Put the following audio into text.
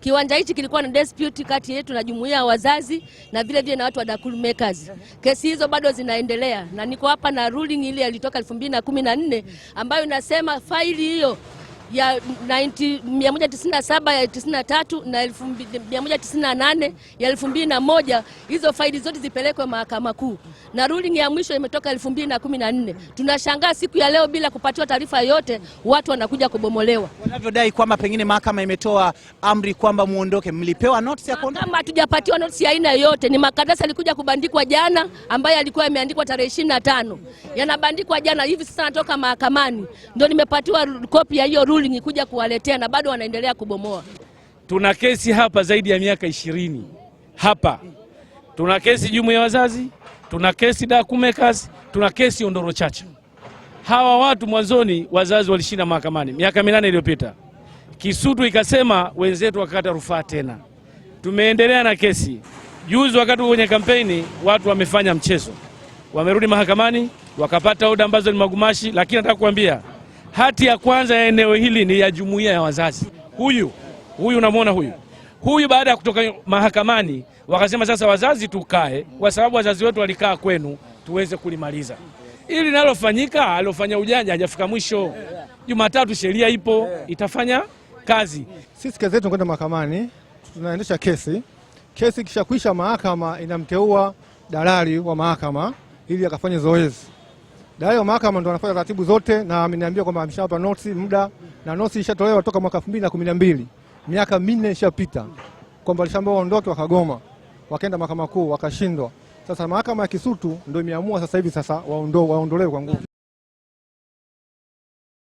Kiwanja hichi kilikuwa na dispute kati yetu na jumuiya ya wazazi na vile vile na watu wa Dakul Makers. Kesi hizo bado zinaendelea na niko hapa na ruling ile ilitoka 2014 ambayo inasema faili hiyo ya 197 ya 93 na 198 ya 2001, hizo faili zote zipelekwe mahakama kuu, na ruling ya mwisho imetoka 2014. Tunashangaa siku ya leo bila kupatiwa taarifa yoyote, watu wanakuja kubomolewa wanavyodai kwamba pengine mahakama imetoa amri kwamba muondoke. Mlipewa notice ya kuondoka? Kama hatujapatiwa notice ya aina yoyote, ni makadasa yalikuja kubandikwa jana, ambayo yalikuwa yameandikwa tarehe 25 yanabandikwa jana, hivi sasa natoka mahakamani ndio nimepatiwa kopi ya hiyo ruling ruling kuja kuwaletea na bado wanaendelea kubomoa. Tuna kesi hapa zaidi ya miaka ishirini hapa, tuna kesi jumuiya ya wazazi, tuna kesi Dakumekasi, tuna kesi Ondoro Chacha. Hawa watu mwanzoni wazazi walishinda mahakamani miaka minane iliyopita, Kisutu ikasema, wenzetu wakakata rufaa tena, tumeendelea na kesi. Juzi wakati kwenye kampeni watu wamefanya mchezo, wamerudi mahakamani wakapata oda ambazo ni magumashi, lakini nataka kuambia Hati ya kwanza ya eneo hili ni ya jumuiya ya wazazi. Huyu huyu unamwona huyu huyu, baada ya kutoka mahakamani wakasema sasa wazazi tukae, kwa sababu wazazi wetu walikaa kwenu, tuweze kulimaliza ili nalofanyika Aliofanya ujanja hajafika mwisho. Jumatatu sheria ipo, itafanya kazi. Sisi kesi yetu kwenda mahakamani, tunaendesha kesi. Kesi kisha kuisha, mahakama inamteua dalali wa mahakama ili akafanye zoezi Dalali mahakama ndo anafanya taratibu zote na ameniambia kwamba ameshawapa notice muda na notice ishatolewa toka mwaka 2012. Miaka minne ishapita. Kwamba walishaambiwa waondoke wakagoma. Wakaenda mahakama kuu wakashindwa. Sasa mahakama ya Kisutu ndio imeamua sasa hivi sasa waondoe waondolewe kwa nguvu.